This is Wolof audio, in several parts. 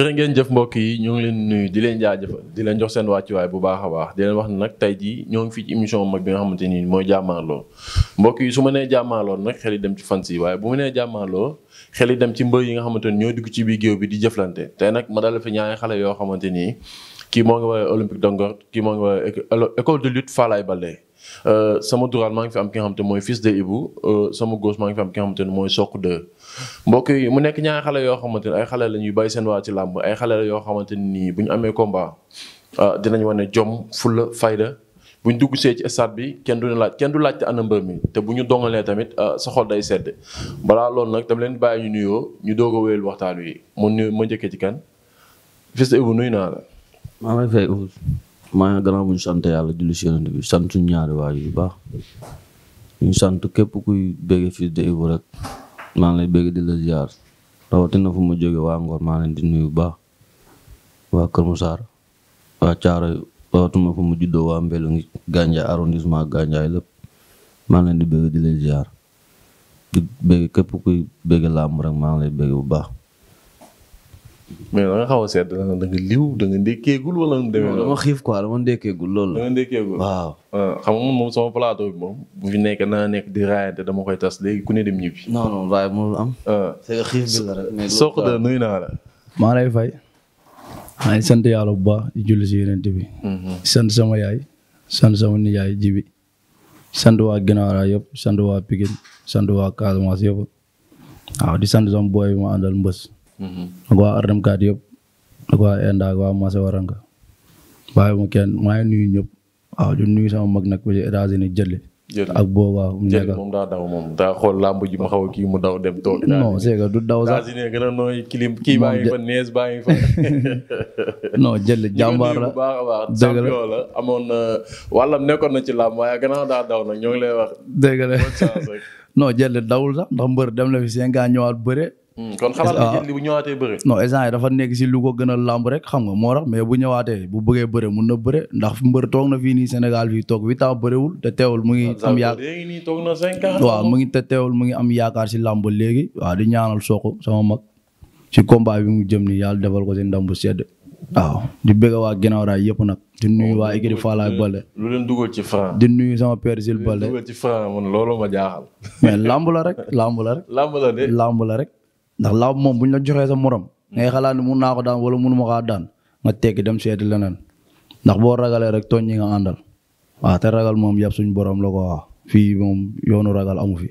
jërë ngeen jëf mbokk yi ñoo ngi leen nuyu di leen jaajëfal di leen jox seen wàccuwaay bu baax a baax di leen wax ne nag tey jii ñoo ngi fii ci émission mag bi nga xamante ni mooy jàmmaarloo mbokk yi su ma nag xel dem ci fans yi waaye bu nee jàmmaarloo xel yi dem ci mbër yi nga xamante ni ñoo dugg ci biir géew bi di jëflante te nag ma dala fi ñaari xale yoo xamante nii kii moo ngi woowee Olympique de kii moo ngi woowee école de lutte Falaye bale euh, sama droite maa ngi fi am ki nga xamante mooy fils de Ibou euh, sama gauche maa ngi fi am ki nga xamante mooy Sokh 2 mbokk yi mu nekk ñaari xale yoo xamante ni ay xale la ñuy bàyyi seen waa ci làmb ay xale yoo xamante ni bu ñu amee combat ah, dinañ wane jom fulla fayda bu ñu ci stade bi kenn du ne kenn du laajte ana mbër mi te bu ñu dongalee tamit ah, sa day sedd balaa loolu nag dama leen bàyyi ñu nuyoo ñu doog a waxtaan wi mu nuyu ma njëkkee ci kan Fils nuyu naa maa ngi maa ngi gannaaw sant yàlla julli si yonent bi ñaari waay yu baax ñu sant képp kuy bëgg Fils de Ibou rek. maa ngi lay bëgg di la ziar rawatina fu ma jóge waa Ngor maa leen di nuyu bu baax waa Kër Moussar waa Thiaroye rawatina fu mu juddoo waa Mbelu ngi Gandiaye arrondissement Gandiaye lépp maa ngi leen di bëgg di la ziar di bëgg képp kuy bëgg làmb rek maa ngi lay bëgg bu baax. mais da nga xaw a seet da nga liw da nga ndékkeegul loolu. dama xiif quoi dama ndékkeegul loolu la. da nga ndékkeegul waaw. Ah, xam moom sama plateau bi moom bu fi nekk naa nekk di raayante dama koy tas léegi ku ne dem ñibbi. non non waaye mënul am. Ah. c'est sant bu baax di julli si yeneen bi. Mm-hmm. sant sama yaay. sant sama nijaay jibi sant waa Ginaara yëpp sant waa Pikine sant waa Casamance yëpp waaw di sant sama booy ma àndal mbës. ak waa RDMK yëpp ak waa ENDA ak waa Massa Waranka bàyyi ma kenn maa ngi nuyu ñëpp waaw di nuyu sama mag nag ba ci États-Unis jëli. ak boobu waaw mu nekk moom daa daw moom daa xool làmb ji ma xaw a kii mu daw dem toog. non c'est que du daw sax États-Unis gën a nooy kilim kii baa ngi fa nees baa ngi fa. non jëli jàmbaar la bu baax a baax. dëgg la champion la amoon na wàllam nekkoon na ci làmb waaye gannaaw daa daw nag ñoo ngi lay wax. dëgg la non jëli dawul sax ndax mbër dem na fi cinq ans ñëwaat bëre. Hmm, kon xalaat dafa nekk si lu ko gën a làmb rek xam nga moo tax mais bu ñëwaatee bu bëggee bëre mun na bëre ndax mbër toog na fii nii Sénégal fii toog huit ans bëréwul te teewul mu ngi am yaakaar léegi nii toog na cinq mu ngi te teewul mu si làmb léegi waaw di ñaanal Sokh sama mag si combat bi mu jëm ni yàlla defal ko si ndam bu sedd waaw di bëgg waa ginnaaw raay yëpp nag di nuyu waa Igri Falaye Bale. lu leen dugal ci franc. di nuyu sama père Gilles Bale. lu leen dugal ci franc man loolu ma jaaxal. mais lamb la rek lamb la la de la rek. ndax laaw moom bu ñu la joxee sa morom ngay xalaat ne mun naa ko daan wala ma kaa daan nga tekki dem seeti leneen ndax boo ragalee rek tooñ ñi nga àndal waaw te ragal moom yàpp suñu borom la ko wax fii yoonu ragal amu fi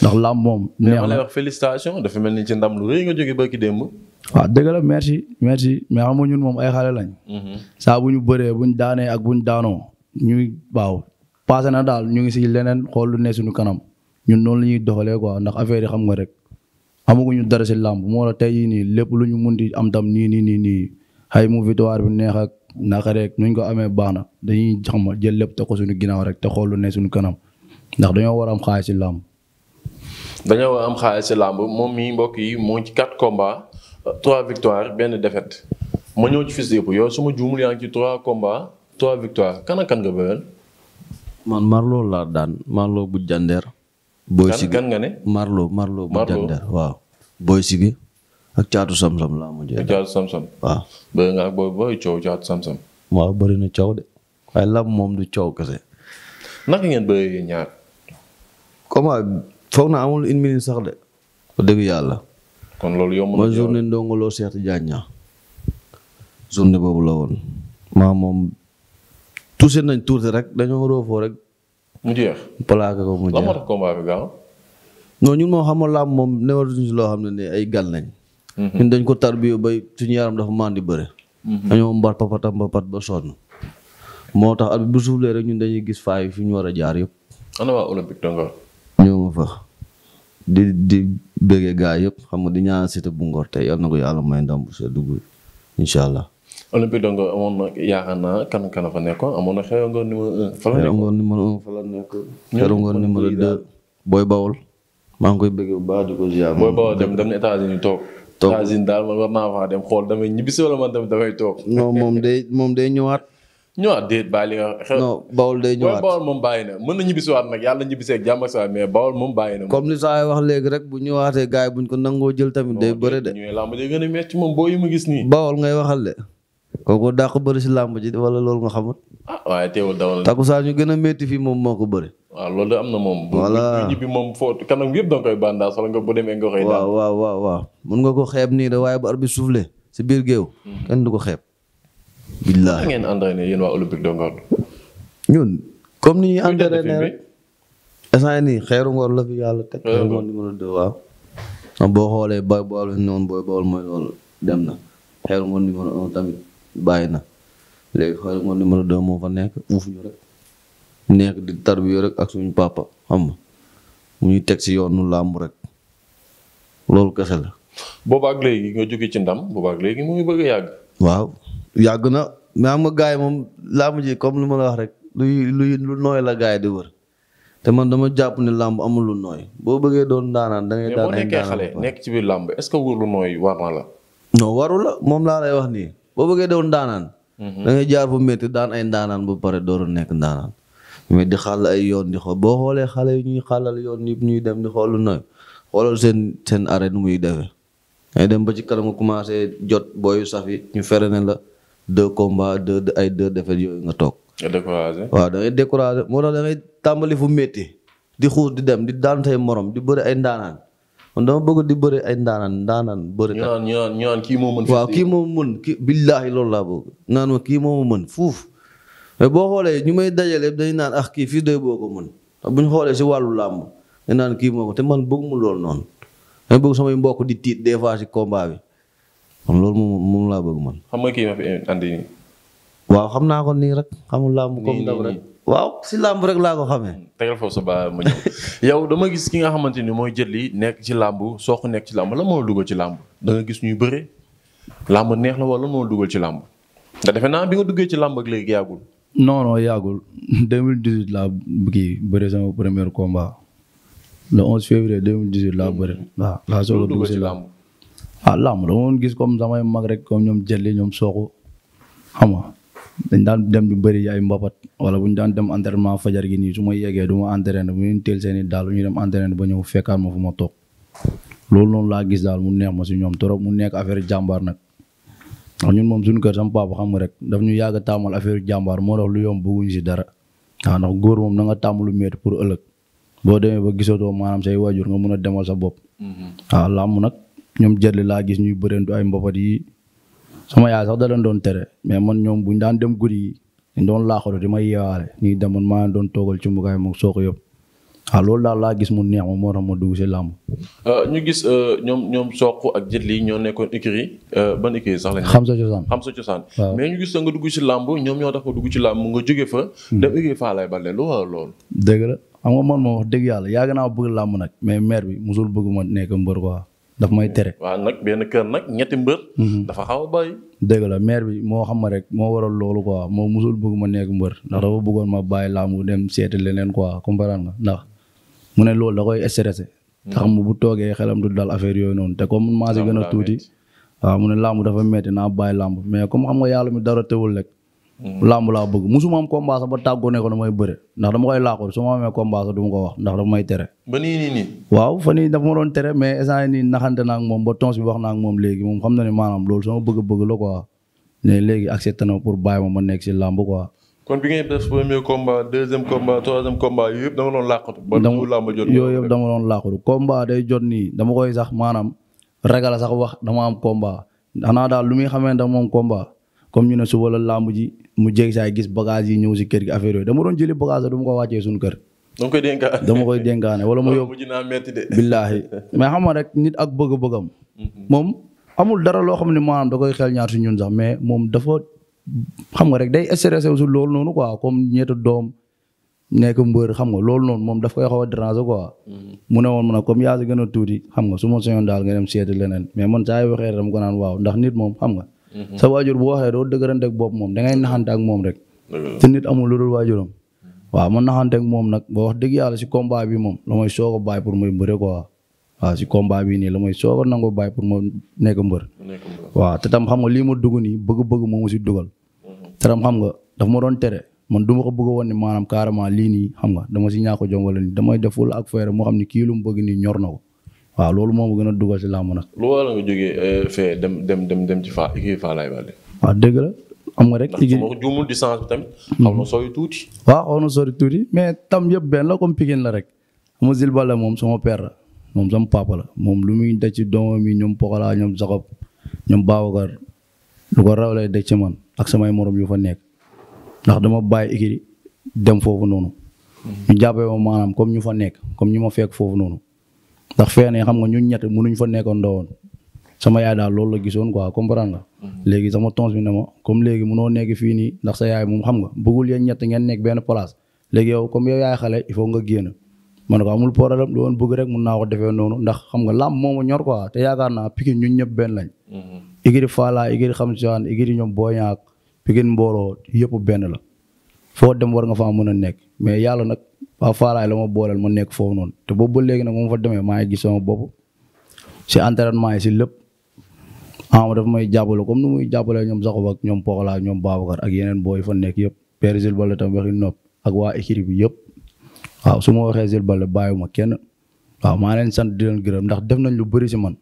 ndax làmb moom. na lay wax dafa mel ni ci ndam lu rëy nga jógee ba ki démb. waaw dëgg la merci merci mais xam ñun moom ay xale lañ. Mhm. saabu ñu bëree bu ñu daanee ak buñ ñu daanoo ñu baaw passé na daal ñu ngi si leneen xool lu ne suñu kanam ñun noonu la ñuy doxalee quoi ndax affaire yi xam nga rek. amaguñu dara si làmb moo la tey jii nii lépp lu ñu mun di am tam nii nii nii nii xëy mu victoire bi neex ak naka rek nuñ ko amee baax na dañuy xam jël lépp te ko suñu ginnaaw rek te xool ne suñu kanam ndax dañoo war a am xaalis si làmb. dañoo war am xaalis si moom mii mbokk yi mu ci 4 komba 3 victoires benn defet ma ñëw ci fils yëpp yow suma ma juumul ci 3 komba 3 victoires kan ak kan nga bëggoon. man Marlo laa daan Marlo bu Jandeer booy si gan nga ne Marlo Marlo bu Jandar waaw booy ak caatu samsam laa mujjee. ak caatu samsam. waaw. bëri nga ak booy booy coow caatu samsam. waaw bëri na coow de waaye lam moom du coow kese. naka ngeen bëree ñaar. comment foog naa amul une minute sax de. dëgg yàlla. kon loolu yomb na ma journée ñaa journée boobu la woon. maa moom tuuse nañ tuuti rek dañoo roofoo rek. mu jeex plaqué ko mu jeex lan moo tax ñun moo xamal làmb moom newatuñu si loo xam ne ni ay gan lañ. Mhm. ñun dañ ko tarbiyo bay suñu yaram dafa màndi bëre. Mhm. dañoo mbar papatam papat ba sonn. moo tax at bu suuf lee rek ñun dañuy gis faay fi ñu war a jaar yëpp. ana waa olympique ma fa di di bëggee gaa yëpp xam nga di ñaan Siteu bu Ngor tey yal na ko yàlla may ndam bu dugg incha allah. Olympique donc amoon na yaakaar naa kan kan fa nekkoon amoon na xeeru ngoon numéro un. fa la nekkoon numéro un fa la nekkoon. xeeru ngoon numéro deux booy bawol. maa ngi koy bëgg bu baax di ko ziar. booy bawol dem dem na États-Unis toog. toog États-Unis daal man war naa faa dem xool damay ñibbisi wala man tamit damay toog. non moom day moom day ñëwaat. ñëwaat déet bàyyi li nga xew. non bawol day ñëwaat bawol moom bàyyi na mën na ñibbisiwaat nag yàlla ñibbisee ak jàmm ak saa mais bawol moom bàyyi na. comme li saa wax léegi rek bu ñëwaatee gars yi buñ ko nangoo jël tamit day bëre de. ñu làmb day gën a metti moom boo yi mu gis nii. bawol ngay waxal de kooku daa bari bëri si làmb ji wala loolu nga xamul. ah waaye teewul dawal. takusaa ñu gën a métti fii moom moo ko bëri. waaw loolu am na moom. voilà bu ñibbi kanam yëpp da nga koy bandaas demee nga koy. waaw waaw waaw mun nga ko xeeb nii de waaye bu bi soufflé si biir géew. Hmm. kenn du ko xeeb. billaahi ngeen entraîné yéen waa olympique de Ngor. ñun comme ni ñuy entraîné rek. instant nii xeeru ngor la fi yàlla teg. xeeru ngor numéro deux waaw. boo xoolee booy bool noonu booy bool mooy loolu dem na xeeru ngor numéro un tamit. bàyyi na léegi xoolal moom numéro 2 moo fa nekk uuf ñu rek nekk di tarbiyo rek ak suñu papa xam nga mu ñuy teg si yoonu làmb rek loolu kese la. boobaag léegi nga jóge ci ndam boobaag léegi mu ngi bëgg a yàgg. waaw yàgg na mais am nga gars yi moom làmb ji comme lu ma la wax rek luy luy lu nooy la gars di wër. te man dama jàpp ne làmb amul lu nooy boo bëggee doon ndaanaan da ngay daan mais nekk ci biir làmb est wër lu nooy war na la. non waru wax nii boo bëggee doon ndaanaan. Mhm. da ngay jaar fu métti daan ay ndaanaan ba pare door a nekk ndaanaan. mais di xal ay yoon di xool boo xoolee xale yi ñuy xàllal yoon yëpp ñuy dem di xool nooy xoolal seen seen arène muy defee. ngay dem ba ci kanam commencé jot booyu saf yi ñu fere ne la deux combats deux ay deux défaites yooyu nga toog. nga découragé waaw da ngay moo tax da tàmbali fu métti di xuus di dem di daan say morom di bëri ay ndaanaan. man dama bëgg di bëri ay ndaanaan ndaanaan bëri. ñu naan ñu naan ñu naan kii moo mën. waaw kii moo mën billaahi loolu laa bëgg naan ma kii moo mën fuuf mais boo xoolee ñu may dajale dañu naan ah kii fii de boo ko bu ñu xoolee si wàllu làmb dañu naan kii moo ko te man bëgg mu loolu noonu dama bëgg samay mbokk di tiit des fois si kombaa bi man loolu moom moom laa bëgg man. xam nga kii ma waaw xam naa ko nii rek xamul làmb comme dab rek. waaw si làmb rek laa ko xamee. tegal foofu sa baa ma ñëw yow dama gis ki nga xamante ni mooy jëli nekk ci làmb soo ko nekk ci làmb la moo dugal ci làmb da nga gis ñuy bëre làmb neex la wala moo dugal ci làmb ndax defe naa bi nga duggee ci làmb ak léegi yàggul. non non yàggul 2018 laa kii bëre sama premier combat le 11 février 2018 laa bëre. Hmm. waaw laa soog a dugg ci làmb. ah làmb dama doon gis comme samay mag rek comme ñoom jëli ñoom sooku xam nga dañ daan dem lu bëri ay mbapat wala bu ñu daan dem entraînement fajar gi nii su ma yegee du ma entraîné bu ñu teel seen i daal ñu dem entraîné ba ñëw fekkaat ma fu ma toog loolu noonu laa gis daal mu neex ma si ñoom trop mu nekk affaire jàmbaar nag. ndax ñun moom suñu kër sama papa xam nga rek daf ñu yàgg a affaire jàmbaar moo tax lu yomb bëgguñ si dara waaw góor moom na nga tàmm lu métti pour ëllëg boo demee ba gisatoo maanaam say waajur nga mun a demal sa bopp. Mm-hmm. a làmb nag ñoom jël laa gis ñuy bërentu ay mbapat yi sama yaay sax da leen doon tere mais man ñoom bu ñu dem guddi yi dañ doon laaxatu di ma yeewaale ñuy demoon maa doon toogal ci mbugaay moom soo yëpp waaw ah, loolu daal laa gis mu neex ma moo tax ma dugg si làmb. Euh, ñu gis euh, ñoom ñoom Sokh ak Jet Li ñoo nekkoon écurie euh, ban écurie sax lañ. xam sa cosaan xam sa cosaan. mais ñu nga dugg si làmb ñoo tax ma dugg ci làmb nga jóge fa. Hmm. dem écurie Falaye Baldé lu war loolu. dëgg la xam nga man ma wax dëgg yàlla yàgg naa bëgg làmb nag mais maire bi musul bëgg ma nekk mbër quoi. daf may tere. waaw nag benn kër nag ñetti mbër. Mhm. dafa xaw a bàyyi. dëgg la maire bi moo xam ma rek moo waral loolu quoi moo musul bëgg ma nekk mbër ndax dafa bëggoon ma bàyyi laamu dem seeti leneen quoi comprendre nga ndax mu ne loolu da koy stressé. te xam mhm. bu toogee xelam du dal affaire yooyu noonu te comme maa gën a tuuti. waaw mu ne laamu dafa metti naa bàyyi laamu mais comme xam nga yàlla mi dara tewul rek làmb laa bëgg musuma am combat sax ba tàggoo ne ko damay bëre ndax dama koy laakoor su ma amee combat sax du ma ko wax ndax dama may tere. waaw fa nii dafa ma doon tere mais instant yii nii naxante naa moom ba tons bi wax naa moom léegi moom xam na ne maanaam loolu bëgg-bëgg la quoi ne léegi accepté na pour bàyyi ma ma nekk si làmb quoi. kon bi ngay def premier combat deuxième combat troisième combat yooyu yëpp dama doon làqatu. ba du làmb jot yooyu yëpp day jot nii dama koy sax maanaam ragal sax wax dama am combat xanaa daal lu muy xamee ndax moom combat comme ñu ne suba la làmb ji mu jéeg saay gis bagage yi ñëw si kër gi affaire yooyu dama doon jëli bagage du ma ko wàccee suñu kër. dama koy dénkaane dama koy dénkaane wala mu yóbbu mujj billaahi mais xam nga rek nit ak bëgg-bëggam. Mm-hmm. moom amul dara loo xam ne maanaam da koy xel ñaar ñun sax mais moom dafa xam nga rek day stressé wu noonu quoi comme ñetti doom xam nga loolu noonu moom daf a déranger quoi. Mm-hmm. mu ne woon mu ne comme yaa si gën a tuuti xam nga su ma soñoon daal nga dem seeti leneen mais man saa yu waxee ko naan waaw ndax nit moom xam nga Mhm. sa waajur bu waxee doo dëgëranteeg bopp moom da ngay naxante ak moom rek. te nit amul lu dul waajuram. Mhm. waaw man naxanteeg moom nag boo wax dëgg yàlla si combat bi moom la may soog a bàyyi pour muy bëre quoi waaw si bi nii la may soog nango bàyyi pour ma nekk mbër. waaw te tam xam nga li ma dugg nii bëgg-bëgg moo ma si dugal. Mhm. te tam xam nga daf ma doon tere man du ma bëgg a woon ne maanaam carrément lii nii xam nga dama si ñaako jom wala nii damay deful ak fayra moo xam ne kii lu mu bëgg nii ñor na ko. waaw loolu moom gën a dugal si làmb nag. lu waral nga jógee euh, fee dem dem dem dem ci Faa kii Faa laay Baldé. waaw dëgg la am nga rek. liggéey ndax juumul distance bi mhm. xaw na sori tuuti. waaw tuuti mais tam yëpp benn la comme Pikine la rek. ama Zil Baldé moom sama père la moom sama papa la moom lu muy daj ci doomam yi ñoom Pokola ñoom Zakob ñoom Babacar lu ko raw lay daj ci man ak samay morom yu fa nekk ndax dama bàyyi ikiri dem foofu noonu. Mhm. ñu jàppee ma maanaam comme ñu fa nekk comme ñu ma fekk foofu noonu. ndax feenee xam nga ñun ñett mënuñ fa nekkoon doon sama yaay daal loolu la gisoon quoi comprendre nga. Mhm. léegi sama tons bi ne ma comme léegi mënoo nekk fii nii ndax sa yaay moom xam nga bëggul yéen ñett ngeen nekk benn place léegi yow comme yow yaay xale il faut nga génn man ko amul problème la woon bëgg rek mun naa ko defee noonu ndax xam nga làmb moomu ñor quoi te yaakaar naa Pikine ñun ñëpp benn lañ. Mhm. Igiri Fala Igiri xam si waan Igiri ñoom Boy Niang Pikine mbooloo yëpp benn la foo dem war faa mën a nekk mais yàlla nag waa faalaay la ma booleel ma nekk foofu noonu te boobu ba léegi nag moom fa demee maa ngi gis sama bopp si entraînement yi si lépp ama dafa may jàppale comme ni muy jàppalee ñoom Sakho ak ñoom Pokola ñoom Babacar ak yeneen booy fa nekk yëpp père Jules Baldé tam waxi nopp ak waa équipe bi yëpp waaw su ma waxee Jules Baldé bàyyiwuma kenn waaw maa leen sant di leen ndax def nañ lu bari si man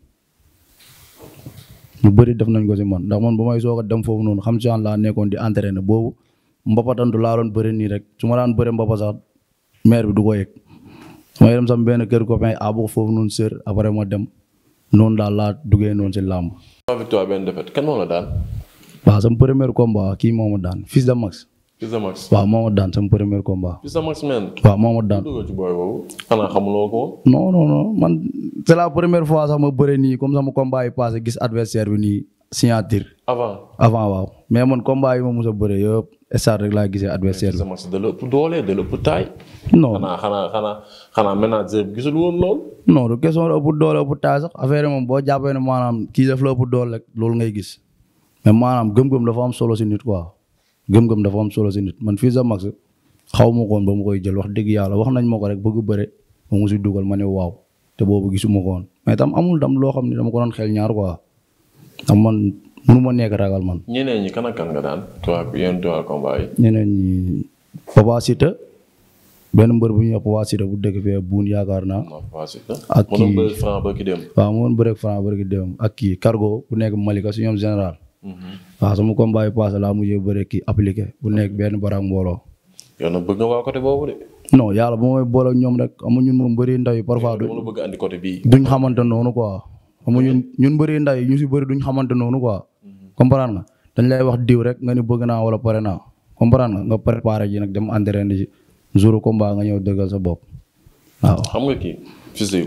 lu bëri def nañ ko si man ndax man bu may soo a dem foofu noonu xam si laa nekkoon di entraîné boobu mbapatantu laa doon nii rek su ma daan bëri mbapa sax maire bi du ko yëg may dem sama benn kër copain abu ah, foofu noonu sër après ma dem noonu daal laa duggee noonu si làmb. trois sama premier combat kii moo ma daan Fils de Max. Fils de Max waaw moo ma daan sama premier combat. Fils de Max men. waaw moo daan duggoo ci booy man c'est première fois sax ma bëre nii comme sama combat yi passé gis adversaire bi nii. signature avant avant waaw mais man combat yi ma mos a bëre yëpp stade rek laa gisee adversaire bi. semence da la ëpp doole da la ëpp taay. no xanaa xanaa xanaa xanaa manager bi gisul woon lool. non du question la ëpp doole ëpp taay sax affaire moom boo jàppee ne maanaam kii daf la ëpp doole rek loolu ngay gis mais maanaam gëm-gëm dafa am solo si nit quoi gëm-gëm dafa am solo si nit man fii sax max xaw ma koon ba mu koy jël wax dëgg yàlla wax nañ ma ko rek bëgg bëre ba mu si dugal ma ne waaw te boobu gisuma ko woon mais tam amul tam loo xam ne dama ko doon xel ñaar quoi. ndax man nu ma nekk ragal man. ñeneen ñi kan kan nga daan. trois ñi Papa benn mbër bu ñu wax Papa Siteu bu dëkk fee buun yaakaar naa. ak kii mënoon ba ak kii cargo bu nekk Malika su ñoom général. Mhm. waaw sama combat yi passé laa mujjee bëri kii appliqué bu nekk mhm. benn baraak mbooloo. yow nag bëgg nga waa côté boobu de. non yàlla bu may boole ak ñoom rek amuñu ñun moom bëri ndaw yi parfois. duñ xamante noonu ko xam ñun ñun bëri ndaw yi ñu si bari duñ xamante noonu quoi comprendre nga dañ lay wax diw rek nga ni bëgg naa wala pare naa comprendre nga nga préparé ji nag dem entraîné ji jour combat nga ñëw dëggal sa bopp waaw. xam nga kii fii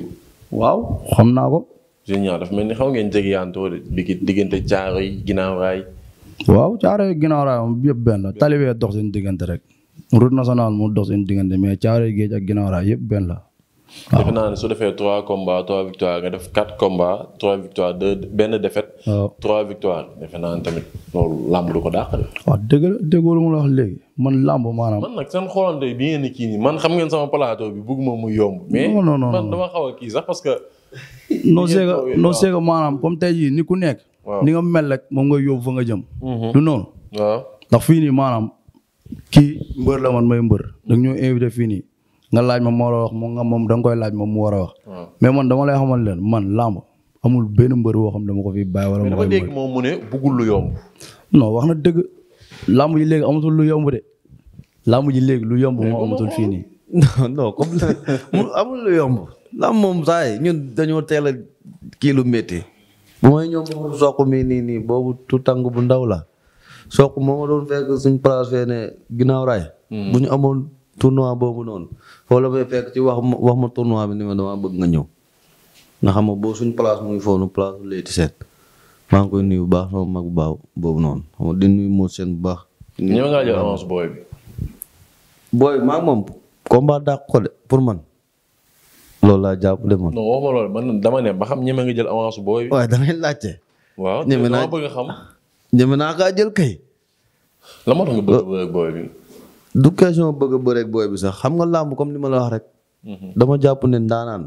naa ko. génial dafa mel ni xaw ngeen jege yaantoo de bi diggante caaro yi ginnaaw raay. waaw caaro yi ginnaaw yëpp benn talibee dox seen diggante rek route nationale mu dox seen diggante mais caaro yi géej ak ginnaaw yëpp benn la. waaw defe naa ne su defee trois combats trois victoires nga def quatre combats trois victoires de benn defet waaw trois victoires defe naa tamit loolu làmb du ko dàq. waaw dëgg la déggoo lu mu la léegi man làmb maanaam. man nag seen xoolante bi ngeen ni kii nii man xam ngeen sama plateau bi bëgguma mu yomb. mais man dama xaw a kii sax parce que. non c'est que non c'est maanaam comme tey jii ni ku nekk. ni nga mel rek moom nga yóbbu fa nga jëm. Mhm. du noonu. waaw ndax fii nii maanaam kii mbër la man may mbër. da ñoo invité fii nii. nga laaj ma moo la wax moom nga moom da nga koy laaj moom mu war a wax. Hmm. mais man dama lay xamal leen man làmb amul benn mbër boo xam ne dama ko fi bàyyi wala. ma koy mu ne bëggul lu yomb. non wax na dëgg làmb ji léegi amatul lu yomb de làmb ji léegi lu yomb moo amatul fii nii. non non comme moom saa yi dañoo teel a kii lu métti. mooy ñoom moom nii nii boobu tu tàng bu ndaw la soq moo ma doon fekk suñ place fee ne hmm. bu ñu amoon tournoi boobu noonu. wala may fekk ci wax ma tournoi bi ni ma damaa bëgg nga ñëw nga xam ma boo suñ place muy foofu place Leyti Sène maa ngi koy nuyu bu baax sama mag baaw boobu noonu xam nga nuyu Modou Sène bu baax. ñëw ngaa jël avance booy dàq ko de pour man. loolu laa jàpp de man. dama ne ba xam ñeme nga jël avance booy bi. waaye da ngay laajte. waaw ñeme naa bëgg xam. jël kay. la moo tax nga bëgg euh, booy bi. du question bëgg a bëreeg booy bi sax xam nga làmb comme ni ma la wax rek. Mhm. dama jàpp ne ndaanaan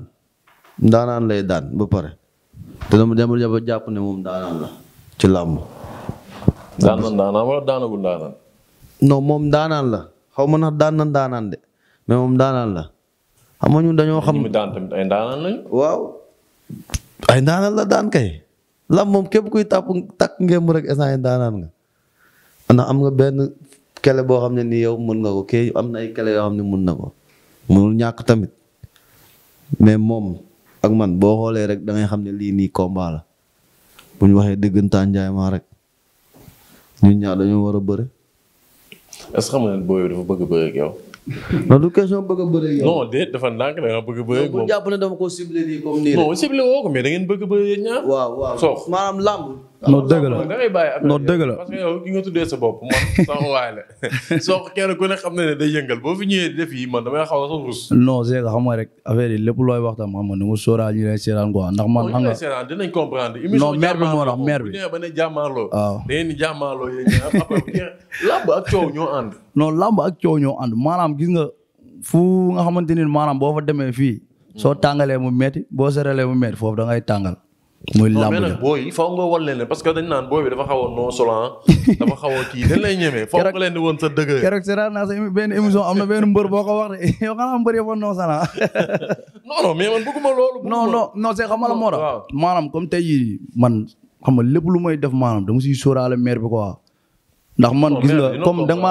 ndaanaan lay daan ba pare te dama dama jàpp ne moom ndaanaan la ci làmb. daan na moom ndaanaan la xaw ma ndax daan na ndaanaan de mais moom ndaanaan la xam nga ñun dañoo xam. ñu daan tamit ay ndaanaan lañu. waaw ay ndaanaan la daan kay. làmb moom képp koy tàpp takk ngémb rek instant yi ndaanaan nga. am nga benn kele boo xam ne nii yow mën nga ko kii am na ay kele yoo xam ne mun na ko mënul ñàkk tamit mais moom ak man boo xoolee rek da xam ne lii nii combat la ñu waxee dëggantaan njaay maa rek ñun ñaar dañoo war a bëre. est ce que xam ne booy bëgg a bëre ak bëgg a bëre ak yow. non déet da nga bëgg a da ngeen bëgg a bëre waaw waaw soo maanaam làmb. non dëgg la da ngay bàyyi la parce tuddee sa bopp waay la soo ko kenn xam na day yëngal boo fi ñëwee def yi man damay xaw a sax rus non c'est que rek affaire yi lépp looy wax tam xam nga ni mu sóoraal ñu lay seetaan quoi ndax man xam nga seetaan dinañ comprendre émission bi moo tax maire bi ba ne jàmmaarloo waaw ah. da ngeen ak coow ñoo ànd non làmb ak coow ñoo ànd maanaam gis nga fu nga xamante ni maanaam boo fa demee fii soo tàngalee mu metti boo serelee mu metti foofu da ngay tàngal muy làmb parce que dañ naan booy bi dafa xaw a nonchalant dafa xaw a kii dañ lay woon sa dëgg. keroog am na benn mbër boo ko wax de yow xanaa mais man bëgguma loolu. non non non c'est xam comme tey man xam nga lépp lu may def maanaam dama si sóoraale maire bi quoi. ndax man gis nga comme danga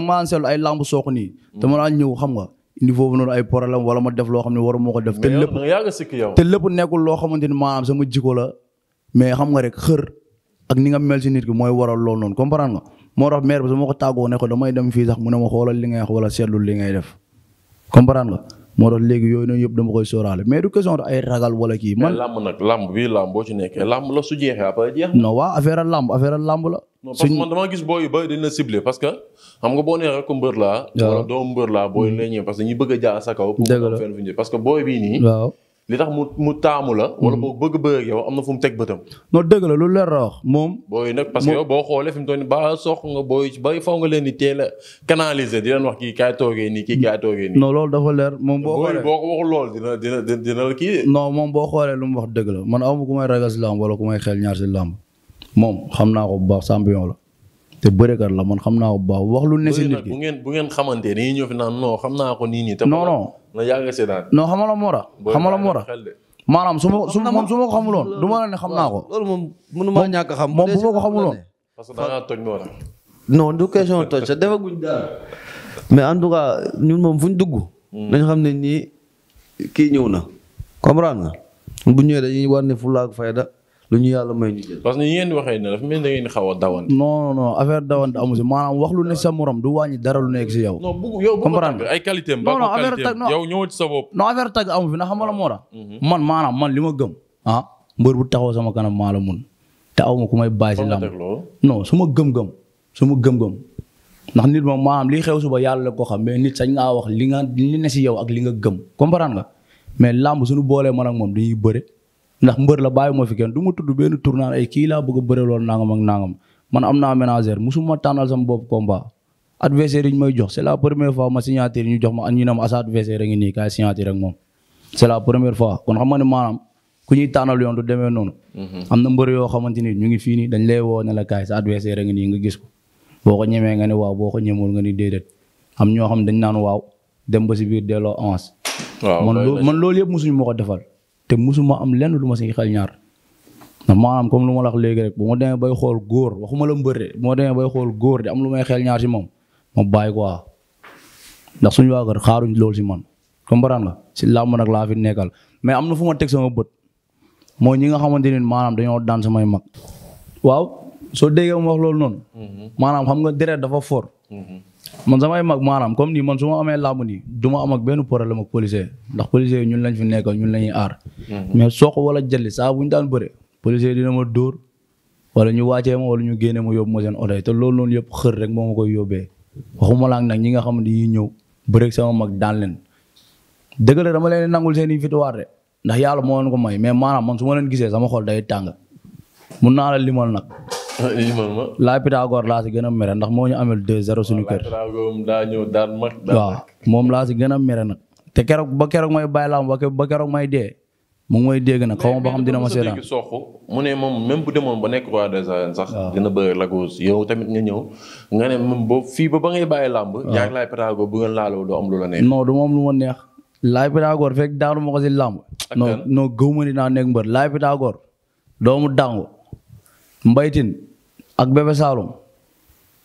maa daan seetlu ay làmb soog nii. dama daan ñëw xam nga indi foofu noonu ay problème wala ma def loo xam ne waru moo ko def. te lépp te lépp nekkul loo xamante ni maanaam sama jikko la mais xam nga rek xër ak ni nga mel si nit ki mooy waral loolu noonu comprendre nga moo tax meer bi su ma ko tàggoo ne ko damay dem fii sax mu ne ma xoolal li ngay wax wala seetlu li ngay def comprendre nga. moo tax léegi yooyu noonu yëpp dama koy sóoraale mais du question ay ragal wala kii. làmb nag làmb bii làmb boo ci nekkee làmb la su jeexee après jeex non waa affaire làmb affaire làmb la. que man damaa gis booy yu dañ la ciblé parce que xam nga boo nee rek mbër laa. wala doomu mbër laa booy mm. la ñëw parce que ñu bëgg a jaar sa kaw. parce que booy bii nii. waaw li tax mu mu taamu la. wala hmm. boo bëgg bëgg yow am na fu mu teg bëtam. non dëgg la lu leer la wax moom. booy nag parce que boo xoolee fi mu ba sox nga booy ba nga leen di teel a canaliser wax kii kaay toogee nii kii kaay toogee nii. non boo. xoolee ko waxul lool dina dina dina la kii. non moom boo xoolee lu mu wax dëgg la man amu ku may ragal si làmb wala ku may moom xam naa ko bu baax champion la. te bërekat la man xam naa ko bu baax wax lu ne si nit ki bu ngeen bu ngeen xamante nii ñëw fi naan non xam naa ko nii nii. te non nga yàgg seetaan. non xamala moora. xamala moora maanaam su ma su su ma ko xamuloon du ma la ne xam naa ko. loolu moom mënuma ñàkk a xam. moom bu ko xamuloon. parce que da ngaa toj du question toj sa defaguñ dara. mais en tout cas ñun moom fu ñu dugg. Hmm. dañu xam ne ñii kii ñëw na. comprendre nga bu ñëwee dañuy war ne fulaak fayda lu ñu yàlla may ñu jël. parce que ni ngeen di waxee ne dafa mel ni da ngeen a dawan. non amu si maanaam wax lu ne sa morom du wàññi dara lu nekk si yow. non bu yow ay qualité am. tag sa bopp. non affaire tag amu fi na xamala moo tax. Mm-hmm. man li ma gëm. ah mbër bu taxaw sama kanam maa la mun te aw ma ku may bàyyi si lamb non su ma gëm-gëm su ndax nit moom maanaam li xew suba yàlla la ko xam mais nit sañ ngaa wax li nga li ne si yow ak li nga gëm comprendre nga mais lamb suñu boolee man ak moom dañuy bëre ndax mbër la bàyyi ma fi kenn du ma tudd benn tur ay kii laa bëgg a bëreeloon nangam ak nangam man am naa ménagère musuma tànnal sama bopp combat adversaire yi ñu may jox la première fois ma signature ñu jox ma ak ñu fois kon xam nga ne maanaam ku yoon demee noonu. Mm-hmm. am na mbër yoo xamante ni ñu ngi fii nii dañ lay woo ne la kaay sa adversaire ngi nii nga gis ko boo ko ñemee nga ne waaw boo ko ñemul nga ni déedéet am ñoo waaw dem ba si biir delloo avance. man loolu yëpp mosuñu ma ko defal te musuma am lenn lu ma si xel ñaar ndax maanaam comme lu ma la léegi rek bu ma demee bay xool góor waxuma la mbëre bu ma demee bay xool góor am lu may xel ñaar moom ma bàyyi ko ndax suñu waa kër xaaruñ loolu si man comprendre nga si làmb nag laa fi nekkal mais am na fu ma teg sama bët moo ñi nga xamante ne maanaam dañoo daan samay mag. waaw soo déggee mu wax loolu noonu. Mhm. maanaam xam nga deret dafa fort. Mhm. man samay mag maanaam comme ni man su ma amee làmb nii du ma am ak benn problème ak policier ndax policier ñun lañ fi nekkal ñun la ñuy aar. Mhm. mais soq wala jëli saa bu ñu daan bëre policier dina ma dóor wala ñu wàccee ma wala ñu génne ma yóbbu ma seen oto yi te loolu noonu yëpp xër rek moo ma koy yóbbee waxuma la nag ñi nga xam ne ñuy ñëw bëreeg sama mag daan leen dëgg la dama leen nangul i victoire de ndax yàlla moo leen ko may mais maanaam man su ma leen gisee sama xol day tàng mun naa la limal nag. limal ma. laa Pythagore laa si gën a mere ndax moo ñu amel 2-0 suñu kër. daa ñëw daan mag. waaw moom laa si gën a mere nag. te keroog ba keroog may bàyyi laam ba keroog may dee mu ngi dégg nag xaw ma ba xam dina ma seetaan soq mu ne moom même bu demoon ba nekk roi des arènes sax dina bëri Lagos yow tamit nga ñëw nga ne moom boo fii ba ba ngay bàyyi làmb yaag laay pédagogue bu ngeen laaloo doo am lu la neex non du ma am neex laay pédagogue fekk daanu ma ko si làmb non non gëw ma ni naa doomu dàngu mbaytin ak bébé Saloum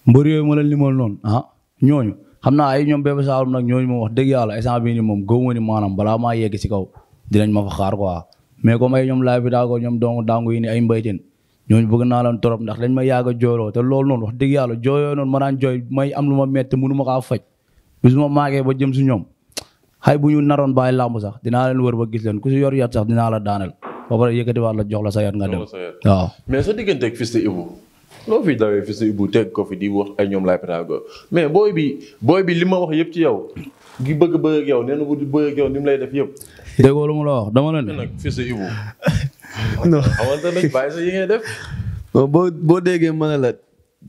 mbër yooyu ma leen limal noonu ah ñooñu naa ñoom bébé Saloum nag ñooñu wax dëgg yàlla instant ni moom gëw ma balaa maa yegg si kaw dinañ ma xaar quoi mais comme ay ñoom laay bi daa ko ñoom dong dangu yi ni ay mbaytin ñu bëgg naa leen trop ndax ma yàgg a te loolu noonu wax dëgg yàlla jooyoo noonu ma daan jooy may am lu ma metti mënu ma kaa faj bis ma maagee ba jëm si ñoom xay bu ñu naroon bàyyi làmb sax dinaa leen war ba gis leen ku si yor yat sax dina la daaneel ba pare yëkkatiwaat la jox la sa yat nga dem waaw mais sa diggante ak fils de Ibou loo fi dawee fils de teg ko fi di wax ay ñoom laay pédago mais booy bi booy bi li ma wax yëpp ci yow gi bëgg bëgg ak yow nee na bu bëgg ak yow ni mu lay def yëpp. déggoo lu mu la wax dama la ne. nag fii sa Ibou. non xamante boo boo déggee ma la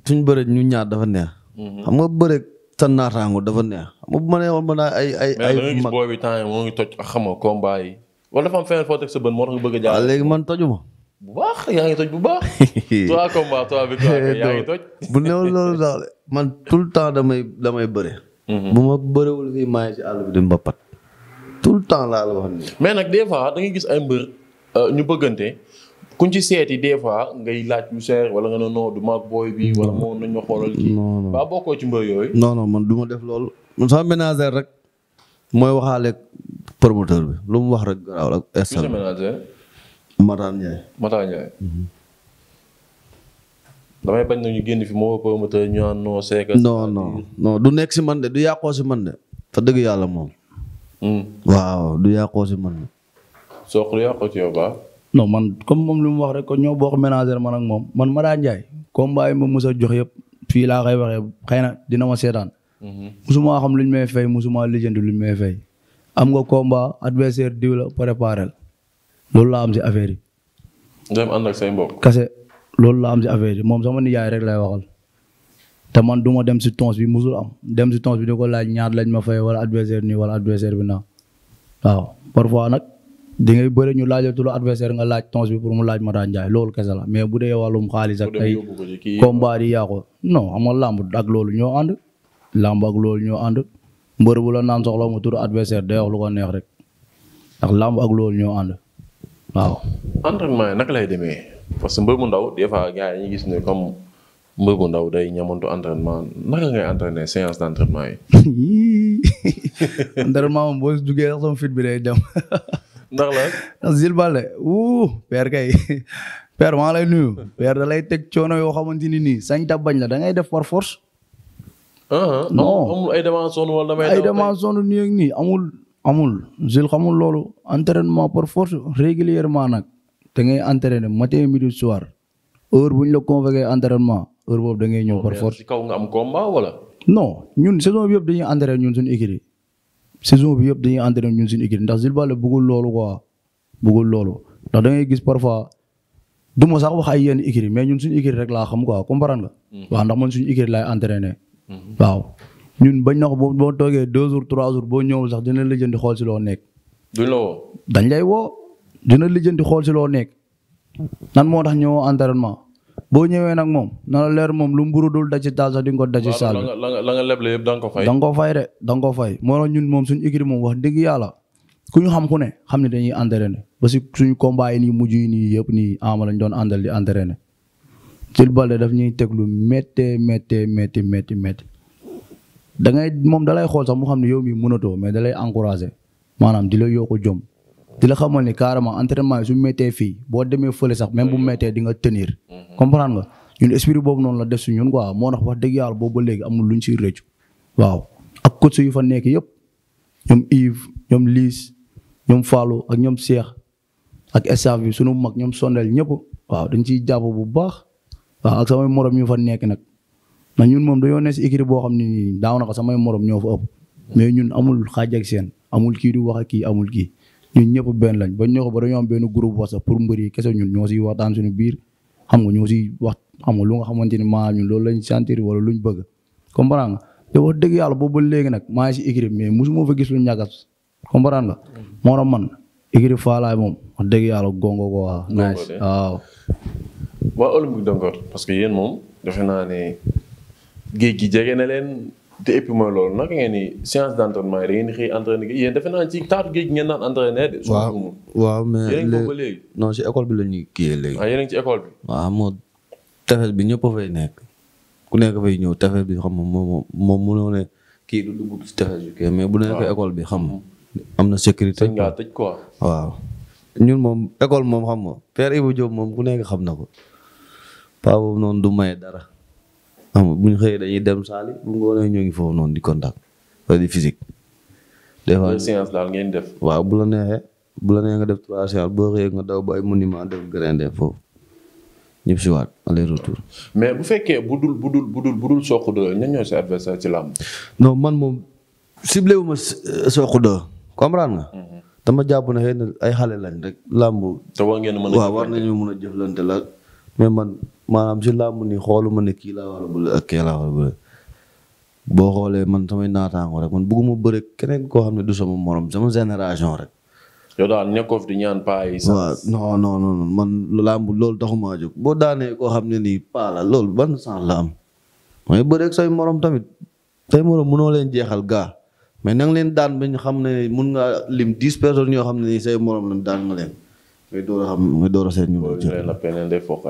suñ bëre ñu ñaar dafa neex. Mhm. xam nga bëre sa naataango dafa neex xam nga bu ma nee woon ma ay ay. ay mais bi temps moo ngi toj ah, xam nga combat yi. wala dafa am sa bën moo bëgg a ah, léegi man tojuma. bu baax yaa ngi toj bu baax. trois combats trois victoires yaa ngi bu néew loolu daal man tout le temps damay damay bëre. Mhm. bu ma bëriwul fii maa ngi si àll bi di mbappat tout le temps laa la wax nii. mais nag des fois da ngay gis ay mbër euh, ñu bëggante kuñ ci seeti des fois ngay laaj lu seer wala nga ne non du mag booy bi wala moo nañ ma xoolal kii. non ba bokkoo ci mbër yooyu. non man duma def loolu. man sama ménager rek mooy waxaale promoteur bi lu mu wax rek garaaw la. est ce que monsieur ménager. damay bañ na génn fi moo promoteur ñu naan non c'est que. non non du nekk si man de du yàqoo si man de. fa dëgg yàlla moom. Hmm. waaw du yàqoo si man de. soo ko yàqoo ci man comme moom lu mu wax rek ko ñoo bokk man ak moom man Mada Ndiaye. combat yi ma mës jox yëpp fii laa koy waxee xëy na dina ma seetaan. Hmm. musuma xam luñ may fay musuma lijjanti luñ may fay. am nga combat adversaire diw la loolu laa am si affaire yi. dem ànd ak say mbokk loolu la si affaire yi moom sama nijaay rek lay waxal te man du ma dem si tons bi musul am dem si tons bi di ko laaj ñaar lañ ma fay wala adversaire nii wala adversaire bi naa waaw parfois nag di ngay bëri ñu laajatul adversaire nga laaj tons bi pour mu laaj ma daan loolu kese la mais bu dee wàllum xaalis ak ay combat yi yaa ko non xam nga làmb ak loolu ñoo ànd làmb loolu ñoo ànd mbër bu la naan soxla mu tur adversaire day wax lu ko neex rek ndax làmb ak loolu ñoo ànd waaw. parce que mbër mu ndaw des ñu gis ne comme mbër mu ndaw day ñamantu entraînement naka ngay entraîner séance d' entraînement yi. entraînement boo jugee sax sama fit bi day dem. ndax la. ndax Bale wuu père kay père maa lay nuyu. père da lay teg coono yoo xamante ni nii sañ ta bañ la dangay def par force. Ah, ah, non amul ay dama sonn amul amul Zil loolu entraînement par force régulièrement nag. da ngay entraîner matin midi soir heure bu ñu la convoqué entraînement heure boobu da ngay ñëw par force. ci kaw nga am combat ñun saison bi yëpp dañuy entraîner ñun suñu équipe saison bi yëpp dañuy entraîner ñun suñu équipe ndax Zilbal bëggul loolu quoi bëggul loolu ndax da ngay gis parfois du ma sax wax ay yenn équipe mais ñun suñu équipe rek laa xam quoi comprendre nga. Hmm. waaw ndax man suñu équipe laay entraîner. Hmm. waaw ñun bañ na ko boo boo toogee deux jours trois jours boo ñëwul sax dina la jënd xool si loo nekk. dina lijjanti xool si loo nekk nan moo tax ñëwoo entraînement boo ñëwee nag moom na la leer moom lu mburu dul daj ci taal sax di nga ko saal la nga leble yëpp moo ñun moom suñu équipe moom wax dëgg yàlla ku ñu xam ku ne xam ne dañuy entraîné ba si suñu combat nii mujj yi nii yëpp nii ama lañ doon àndal di entraîné Jules Baldé daf ñuy teg lu méttee méttee métti métti da ngay moom dalay xool sax mu xam ne yow mi mënatoo mais dalay encouragé maanaam di la yokk jom di la xamal ni carrément entraînement yi su méttee fii boo demee fële sax même bu méttee di nga tenir. Mhm. comprendre nga ñun esprit boobu noonu la des su ñun quoi moo tax wax dëgg yàlla boobu ba léegi amul luñ si rëccu. waaw ak coach yu fa nekk yëpp ñoom Yves ñoom Lise ñoom Fallou ak ñoom seex ak staff bi sunu mag ñoom sondeel ñëpp waaw dañ ciy jàpp bu baax waaw ak samay morom yu fa nekk nag na ñun moom dañoo ne si équipe boo xam ne daaw na ko samay morom ñoo fa ëpp mhm. mais ñun amul xaaj seen amul kii di wax ak kii amul kii. ñun ñëpp benn lañ ba ñoo ko ba dañoo am benn groupe WhatsApp pour mbër kese ñun ñoo waxtaan suñu biir xam nga ñoo siy xam nga lu nga xamante ni maanaam ñun loolu lañ sentir wala luñ bëgg comprendre nga te wax dëgg yàlla boobu ba léegi nag maa ngi si écrit mais mosuma fa gis lu ñagas comprendre nga moo tax man écrit faalaay moom wax dëgg yàlla gongo ko waaw nice waaw waa Olympique Dangote parce que yéen moom defe naa géej gi jege na te et mooy loolu naka ngeen ni séance d'entraînement yi da ngeen di xëy entraîné yéen defe naa ci taatu géej ngeen daan entraîné de. waaw waaw mais yéen a ngi si école bi la ñuy kiiyee léegi. ah yéen a ngi ci école bi. waaw moo tefes bi ñëpp a fay nekk ku nekk fay ñëw tefes bi xam nga moom moom mënoo ne kii du dugg ci tefes bi. mais bu nekkee école bi xam am na sécurité. sëñ tëj quoi waaw. moom école moom xam nga Père Ibou Diop moom ku nekk xam na ko paa boobu noonu du may dara. xam nga bu ñu xëyee dañuy dem saali bu ngoonee ñoo ngi foofu noonu di contact wala di physique. des fois séance daal ngeen def. waaw bu la neexee bu la neexee nga def trois séances boo xëyee nga daw ba ay monument def grain dem foofu ñëpp si waat aller retour. mais bu fekkee bu dul bu dul bu dul bu dul Sokh 2 ñan ñoo si adversaire ci làmb. non man moom ciblé wu ma Sokh 2 comprendre nga. Mhm. dama jàpp ne xëy na ay xale lañ rek làmb. te war ngeen mën a waaw war nañu mën a jëflante la mais maanaam si làmb ni xooluma ne kii laa war a bëri boo xoolee man samay naataango rek man bëgguma bëri keneen koo xam ne du sama morom sama génération rek. yow nekkoo fi di ñaan paa yi sax. waaw non non non man làmb boo daanee koo xam ne nii paa la loolu ban sens la am mooy bëri say morom tamit say morom mënoo leen jeexal gaa mais na leen daan ba ñu xam ne mun nga lim dix personnes yoo xam ne nii say morom la daan nga leen. ngay door a xam ngay door a seet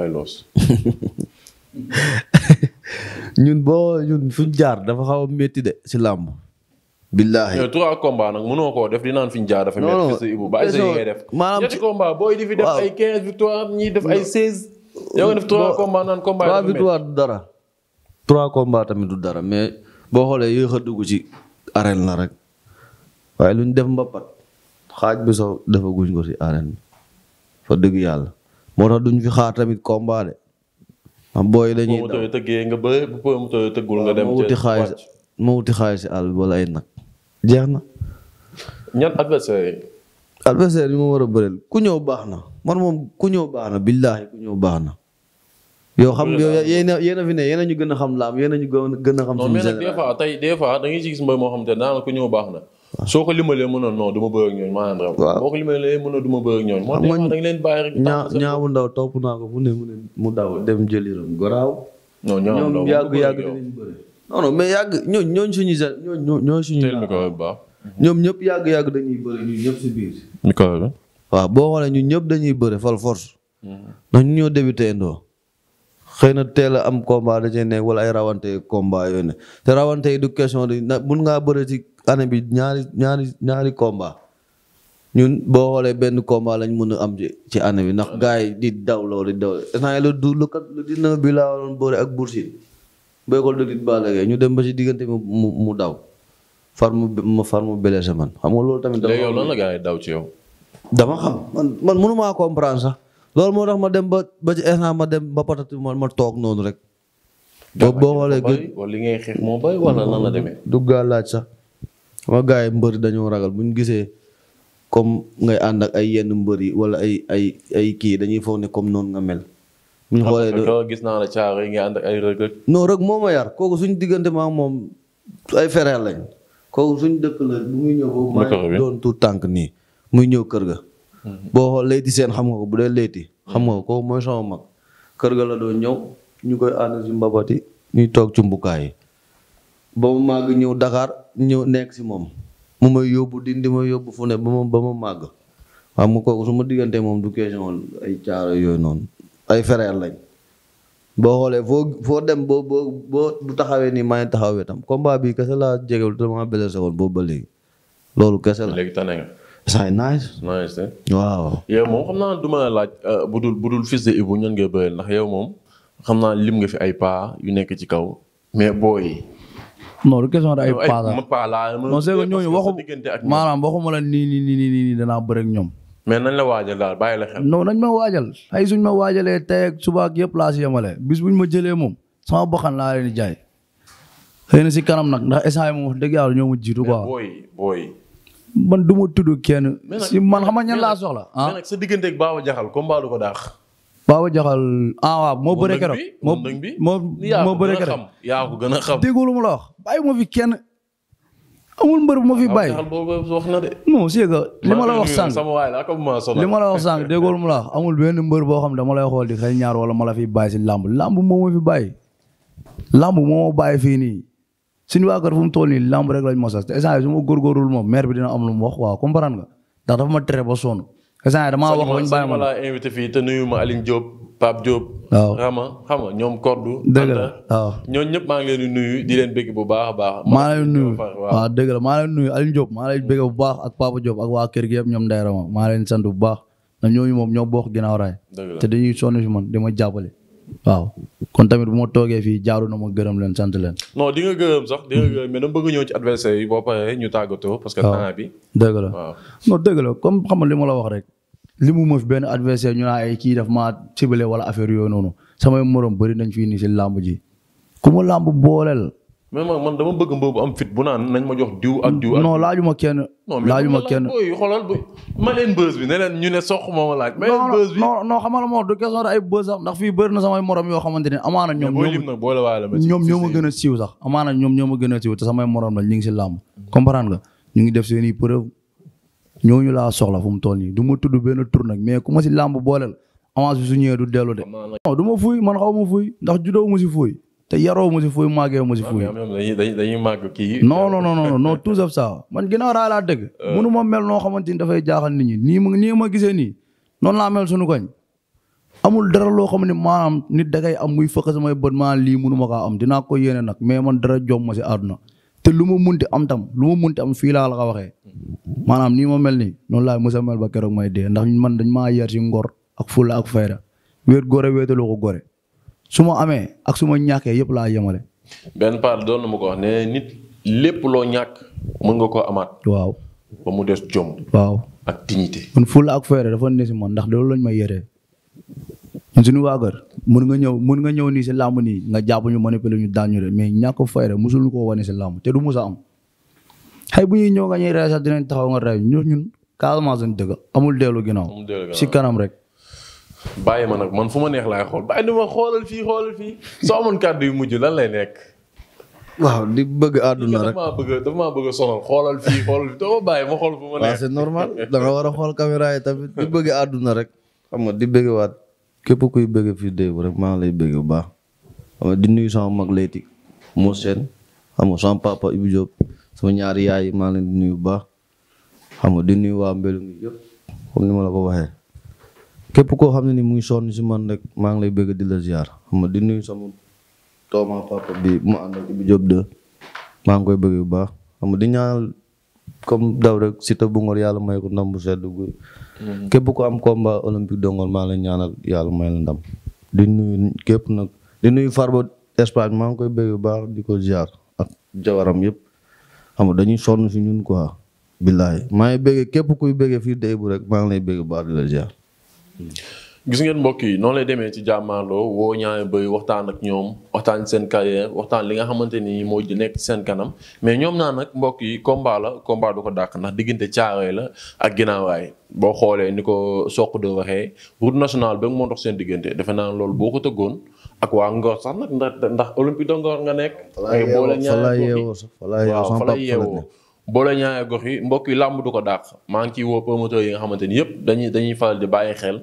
ay loos. ñun boo ñun fuñ jaar dafa xaw a métti de si làmb. billahi yow trois combats nag mënoo koo def di naan jaar dafa métti. fii sa Ibou Ba ay def. maanaam ñetti combats booy di fi dara. trois tamit du dara mais boo xoolee yéex a dugg ci arène rek waaye lu ñu def mbapat xaaj bi soo defaguñ ko si arène fa dëgg yàlla moo tax duñ fi xaar tamit combat de. am booy dañuy daw promoteur tëggee nga bëre bu promoteur tëggul nga dem. ma wuti xaalis ma wuti xaalis si àll bi ay nag. jeex na. ñan adversaire yi. adversaire yi ma war a bëreel ku ñëw baax na man moom ku ñëw baax na billaahi ku ñëw baax na. yow xam yow yéen a yéen a fi ne yéen a ñu gën a xam laam yéen a ñu gën a xam. suñu général non mais nag tey des fois da ngay gis mbër moo xam te daanaka ku ñëw baax na. soo ko limalee mën a non du ma bëre ak ñooñu maanaam dara. waaw mën a du ma bëre ak ñooñu. xam leen bàyyi rek. ñaa ñaawu ndaw topp naa ko mu ne mu ne mu daw dem jëliram goraaw. non yàgg yàgg dinañ mais yàgg ñooñu ñooñu suñu sa ko baax. ñoom ñëpp yàgg yàgg dañuy bëre ñun ñëpp si biir. mi ko waaw waaw boo xoolee ñun ñëpp dañuy bëre fal force. Hmm. ndax ñu ñoo débuté xëy na teel a am combat da cee nekk wala ay rawante combat yooyu ne te rawante yi du na mun ngaa bëre ci année bi ñaari ñaari ñaari komba ñun boo xoolee benn combat lañ mën a am ci année bi ndax gars yi di daw loolu di daw instant bi laa waroon boole ak Boursin ba école de ñu dem ba ci diggante mu mu daw far mu mu blessé man xam nga loolu tamit. léegi yow daw ci yow. dama man mënumaa comprendre loolu moo tax ma dem ba ba ci ma dem ba patatu ma ma toog noonu rek. boo boo xoolee li ngay xeex moo bay wala la demee. du gaa laaj sax. xam nga gars yi mbër dañoo ragal bu ñu gisee comme ngay ànd ak ay yenn mbër yi wala ay ay ay kii dañuy foog ne comme noonu nga mel. bu ñu xoolee de gis naa la caaar yi nga ànd ay rëg rëg. moo ma yar kooku suñu diggante maa moom ay fereel lañ kooku suñu dëkk la bu muy ñëw foofu. maa doon tànk nii muy ñëw kër ga. Mhm. boo xool seen xam nga ko bu dee leyti. xam nga ko kooku mooy sama mag. kër ga la doon ñëw ñu koy ànd si mbabat yi ñuy toog ci yi ba ma màgg ñëw dakaar ñëw nekk si moom mu may yóbbu di di ma yóbbu fu ne ba ma ba màgg xam nga kooku su ma diggante moom du question ay caaro yooyu noonu ay frère lañ boo xoolee foo foo dem boo boo boo bu taxawee nii maa ngi taxawee tam combat kese laa jegewul te maa blessé woon boobu ba léegi loolu kese la. léegi tane nice. nice waaw. yow moom xam naa du ma laaj euh, bu dul bu dul fils de Ibou ñan ngay bëyal ndax yow moom xam naa lim nga fi ay paa yu nekk ci kaw mais booy non du question ay paa la non c'est que ñooñu waxu maanaam waxuma nii nii nii nii nii danaa bëri ak ñoom. mais nañ la waajal daal bàyyi la xel. non nañ ma waajal ay suñ ma waajalee tey ak suba ak yëpp laa si yemale bis buñ ma jëlee moom sama bakkan laa leen di jaay. xëy si kanam nag ndax instant yii moom dëgg yàlla ñoo ma jiitu quoi. booy man du ma tudd kenn. si man xam nga ñan laa soxla. ah sa diggante ak Jaxal combat du ko daax. Baba Jaxal ah waaw moo bëre keroog moo moo moo bëre keroog yaa ko gën a xam déggu mu la wax bàyyi ma fi kenn amul mbër bu ma fi bàyyi wax na de non c'est que li ma la wax sànq li ma la wax sànq déggu lu mu la amul benn mbër boo xam dama lay xool di xel ñaar wala ma la fi bàyyi si làmb làmb moo ma fi bàyyi làmb moo ma bàyyi fii nii suñu waa kër fu mu toll nii làmb rek lañ ma sas te instant su ma góorgóorul moom maire bi dina am lu mu wax waaw comprendre nga ndax dafa ma tere ba soon instant damaa wax bañ ma laa invité fii te nuyu ma Aline Diop Pape Diop. waaw xam nga ñoom Kordu. dëgg la waaw ñooñu ñëpp maa ngi leen di nuyu di leen bëgg bu baax baax. maa lay nuyu waaw dëgg la maa nuyu Aline Diop maa lay bu baax ak Papa Diop ak waa kër gi yëpp ñoom Ndeye Rama maa leen sant bu baax na ñooñu moom ñoo bokk ginnaaw raay. te dañuy sonn si man ma jàppale. waaw kon tamit bu ma toogee fii jaaru na ma gërëm leen sant leen. non di nga gërëm sax dama bëgg ñëw ci adversaire yi boo paree ñu tàggatoo. parce que temps bi dëgg la waaw non comme xam li ma la wax rek li mu ma fi benn adversaire ñu naan ay kii daf maa ciblé wala affaire yooyu noonu samay morom bëri nañ fii nii si làmb ji ku ma làmb booleel. mais man man dama bëgg mbër bu am fit ma jox diw ak diw. non laajuma kenn. laajuma ma leen bës bi ñu ne sox moo ma laaj. ma leen bës bi non non xamal ma du question ay bës sax ndax fii bëri na samay morom yoo xamante ne amaana. ñoom ñoom ñoo ma gën a siiw sax amaana ñoom ñoo ma gën a siiw te samay morom la ñu ngi si làmb comprendre nga ñu ngi def seeni preuve ñooñu laa soxla fu mu toll nii du ma tudd benn tur nag mais ku ma si làmb booleel avance bi su ñëwee du dellu de. non du ma man xaw ma fuy ndax juddoo mu si fuy te yaroo ma si fuy màggee mu si fuy. dañuy kii. non non non non tout sauf man ginnaaw raa laa dëgg. Euh. mënu ma mel noo xamante ni dafay jaaxal nit ñi nii ma nii ma gisee nii noonu laa mel sunu koñ. amul dara loo xam ne maanaam nit da ngay am muy fëkk bët maanaam lii mënu ma kaa am dinaa ko yéene nag mais man dara jom ma si àdduna te lu ma munti am tam lu ma munti am fii laa la ko waxee maanaam nii ma mel nii noonu laa mos a mel ba keroog may dee ndax man dañ maa yar ci ngor ak fulla ak fayda wéet gore wéetaloo ko gore su ma amee ak su ma ñàkkee yëpp laa yemale. benn part doon na ma ko wax ne nit lépp loo ñàkk mën nga koo amaat. waaw ba mu des jom. waaw ak dignité. man fulla ak fayda dafa ne si man ndax loolu lañ may yéree ñun suñu waa mun nga ñëw mun nga ñëw nii si làmb nii nga jàpp ñu manipuler ñu daan ñu de mais ñàkk fay rek musul ko wane si làmb te du mus a am xëy bu ñuy ñëw nga ñuy rey sax dinañ taxaw nga rey ñun ñun Casamance lañ amul dellu ginnaaw si kanam rek. bàyyi ma nag man fu ma neex laay xool bàyyi ma xoolal fii xoolal fii soo amoon kàddu yu mujj lan lay nekk. waaw di bëgg àdduna rek dafa maa bëgg dafa xoolal fii xoolal fii doo ma bàyyi ma xool fu ma neex. waaw c'est a xool caméra yi tamit di bëgg àdduna rek xam nga di bëgg waat képp kuy bëgg fi déew rek maa ngi lay bëgg bu baax di nuyu sama mag layti moo seen xam nga sama papa Ibu Diop sama ñaari yaay maa ngi leen di nuyu bu baax xam nga di nuyu waa mbelu ngi yëpp comme ni ma la ko waxee képp koo xam ne ni mu ngi sonn si man rek maa ngi lay bëgg di la ziar xam nga di nuyu sama tooma papa bi mu ànd ak Ibu Diop de maa ngi koy bëgg bu baax di ñaanal comme daw rek Siteu bu Ngor yàlla may ko ndam bu sedd guy. Mm-hmm. képp ko am combat olympique de maa la ñaanal yàlla may la ndam. di nuyu képp nag di Farba Espagne maa ngi koy bëgg bu baax di ko ziar ak jawaram yëpp xam nga dañuy sonn si ñun quoi. billaay maa ngi bëgg képp kuy bëgg fii day bu rek maa ngi lay bëgg baax di la ziar. Mm-hmm. gis ngeen mbokk yi noonu lay demee ci jàmmaarloo woo ñaari bëri waxtaan ak ñoom waxtaan seen carrière waxtaan li nga xamante ni moo nekk seen kanam mais ñoom naa nag mbokk yi combat la combat du ko dàq ndax diggante caaroy la ak ginnaawaay boo xoolee ni ko soq de waxee route nationale ba moo dox seen diggante defe naa loolu boo ko tëggoon ak waa Ngor sax nag ndax ndax olympique de Ngor nga nekk. fa la yeewoo fa la yeewoo fa la yeewoo boole ñaari gox yi mbokk yi làmb du ko dàq maa ngi ciy woo promoteurs yi nga xamante ni yëpp dañuy dañuy faral di bàyyi xel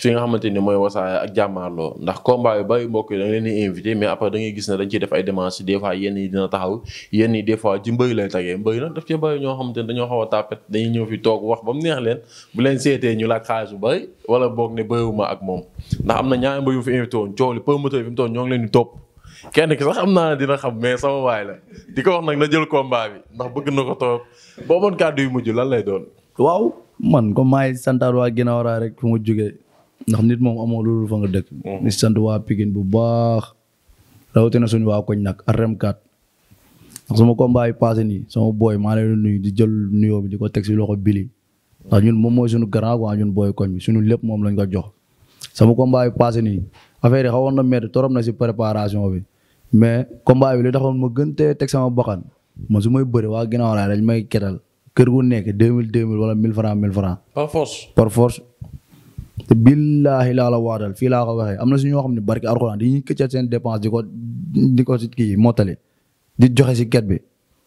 fi nga xamante ni mooy wasaare ak jàmmaarloo ndax combat yu bari mbokk yi da nga leen di invité mais après da gis ne dañ ciy def ay démarches des fois yenn yi dina taxaw yenn yi des fois ci mbëri lay tagee mbëri nag daf cee bari ñoo xamante toog wax ba mu neex leen seetee ñu laaj xaalis bu bari wala boog ne bëriwuma ak moom ndax am na ñaari fi invité woon coow li promoteur bi mu toon ñoo ngi leen ki sax am naa dina xam mais sama waay la di ko wax nag na jël combat bi ndax bëgg na ko toog boo moon kàddu mujj lan lay doon waaw man comme maay santaar waa Guinaw Rail rek fu ma jógee ndax nit moom amoo loolu fa nga dëkk. Mhm. di sant waa Pikine bu baax. rawatina suñu waa koñ nag RM4. ndax sama combat yi passé nii sama booy maa ngi leen nuyu di jël nuyoo bi di ko teg si loxo Bili. ndax ñun moom mooy suñu grand quoi ñun booy koñ bi suñu lépp moom lañ ko jox. sama combat yi passé nii affaire yi xawoon na métti torop na si préparation bi. mais combat bi li taxoon ma gën tee teg sama bakkan man su may bëri waa ginnaaw laa dañ may ketal kër ku nekk deux mille deux mille wala mille franc mille franc. par force. te billaahi laa la waatal fii laa ko waxee am na su ñoo xam ne barki alxuraan dañuy këccal seen dépense di ko si kii mottali di joxe si ket bi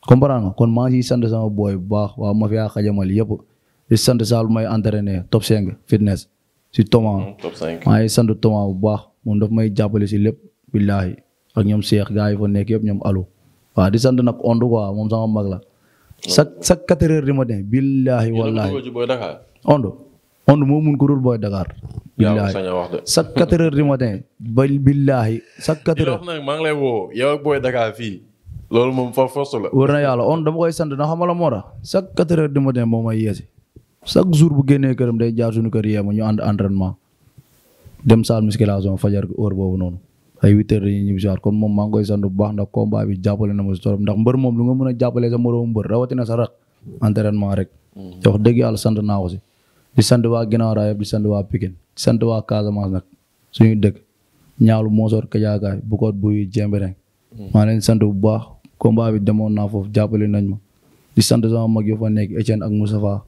comprendre kon maa ngi sant sama booy bu baax waa ma fi yaa xajamal yëpp di sant saal may entraîné top 5 fitness si Thomas. Hmm, top 5 maa ngi sant Thomas bu baax moom daf may jàppale si lépp billaahi ak ñoom seex gars yi fa nekk yëpp ñoom alu waaw di sant nag Onde quoi moom sama mag la. chaque chaque quatre ma du matin billaahi wallaahi ond moo mun ko dul booy Dakar. billaahi chaque quatre heures du matin. ba billaahi chaque quatre heures. nag maa ngi lay woo fii. loolu moom fa force la. wër na yàlla on dama koy sant na xamal la moo tax chaque quatre heures du matin moo may yeesi chaque jour bu génnee këram day jaar suñu kër yéema ñu ànd entraînement dem salle musculation fajar heure boobu noonu ay huit heures dañuy ñibbi si waat kon moom maa ngi koy sant bu baax ndax combat bi jàppale na ma si torop ndax mbër moom lu nga mën sa moroom mbër rawatina sa rak entraînement rek. Mm-hmm. sant naa di sant waa ginnaaw raay di sant waa Pikine di sant waa Casamance nag suñu dëkk ñaawlu Mosor Kajaakaay Bukot buy Jembereng hmm. maa leen sant bu baax combat bi demoon naa foofu jàppale nañ ma di sant sama mag yoo fa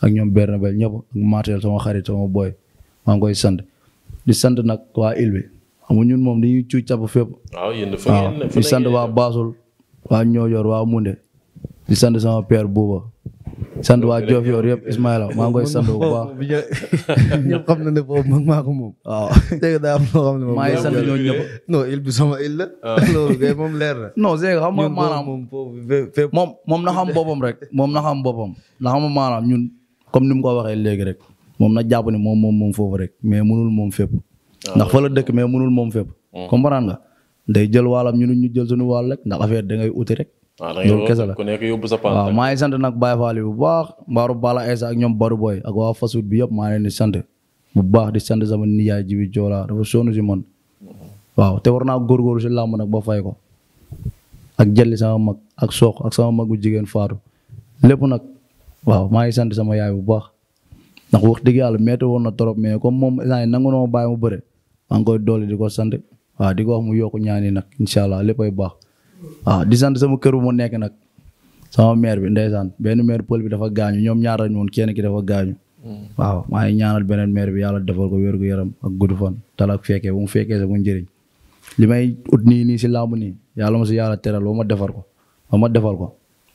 ak ñoom Bernabel ñëpp ak Matel sama xarit sama boy nag waa il bi xam nga ñun moom dañuy cuuc cap fépp waaw di sant waa Basol waa Ñoojoor waa Munde di sant sama père Bouba sant waa Joof yoor yëpp Ismaila maa koy sant bu baax. ñëpp xam na ne boobu mag maa ko moom. waaw dégg nga daa il bi sama il la. no ah. kay moom leer na. xam nga maanaam moom moom na xam rek. moom na xam boppam. na xam maanaam ñun comme ni mu ko waxee léegi rek. moom na jàpp ne moom moom moom foofu rek mais munul moom fépp. Ah. ndax fa la dëkk mais munul moom fépp. Hmm. comprendre nga. day jël waalam ñun ñu jël suñu waal rek ndax affaire da ngay uti rek Ah, loolu kese la waaw maa ngi sant nag Baye Fall bu baax mbaaru baala Esa ak ñoom Baru booy ak waa Fassut bi yëpp maa ngi leen di sant bu baax di sant sama nijaay Jibi Joola dafa sonn si man waaw te war naa góorgóorlu si làmb nag ba fay ko ak jëlli sama mag ak sook ak sama magu jigéen faatu lépp nag waaw maa ngi sant sama yaay bu baax ndax wax dëgg yàlla metti na trop mais comme moom instant yii nangu na mu bëre maa ngi koy di ko sant waaw di ko wax mu yokk ñaani nag incha allah léppay baax. waaw di sant sama kër bu ma nekk nag sama meer bi ndeysaan benn mère pël bi dafa gaañu ñoom ñaar lañu woon kenn ki dafa gaañu. waaw maa ngi ñaanal beneen meer bi yàlla defal ko wérgu yaram ak gudd fan tal ak fekkee bu mu fekkee sa mu njëriñ li may ut nii nii si làmb nii yàlla ma si yàlla teral ba ma defar ko ba ma defal ko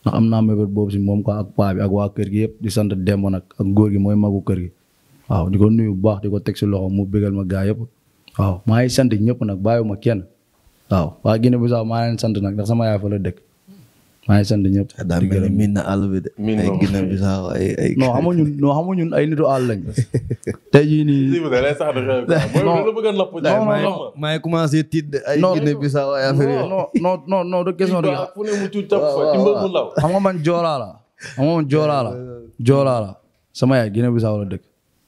ndax am naa mébét boobu si moom ko ak paa bi ak waa kër gi yëpp di sant dembo nag ak góor gi mooy magu kër gi waaw di ko nuyu bu baax di ko teg si loxo mu bégal ma gaa yëpp waaw maa ngi sant ñëpp nag bàyyiwuma kenn waaw waa Guinée Bissau maa leen sant nag ndax sama yaay fa la dëkk maa ngi sant ñëpp. daa mel miin na àll bi de. miin ay Guinée Bissau ay ay. non ñun ay nitu àll lañ. tey jii nii. si da lay sax de maa ngi commencé tiit ay Guinée Bissau ay affaire man joolaa la man joolaa la sama yaay Guinée Bissau la dëkk.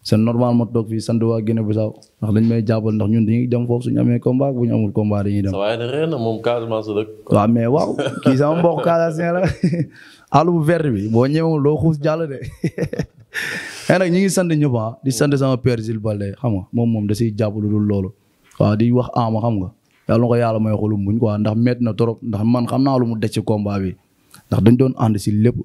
c'est normal ma toog fii sant waa Guinée Bissau ndax dañ may jàppal ndax ñun dañuy dem foofu suñu amee combat bu ñu amul combat dañuy dem. waaye nag réer na moom Casamance dëkk. waaw mais waaw kii sama mbokk Casamance la àll bu vert bi boo ñëwee loo xuus jàll de. mais nag ñu ngi sant ñëpp ah. di sant sama père Zil Balde xam nga moom moom da siy jàpp lu dul loolu waaw di wax ama xam nga yàlla na ko yàlla may xolu muñ quoi ndax métti na trop ndax man xam naa lu mu des ci combat bi ndax dañ doon ànd si lépp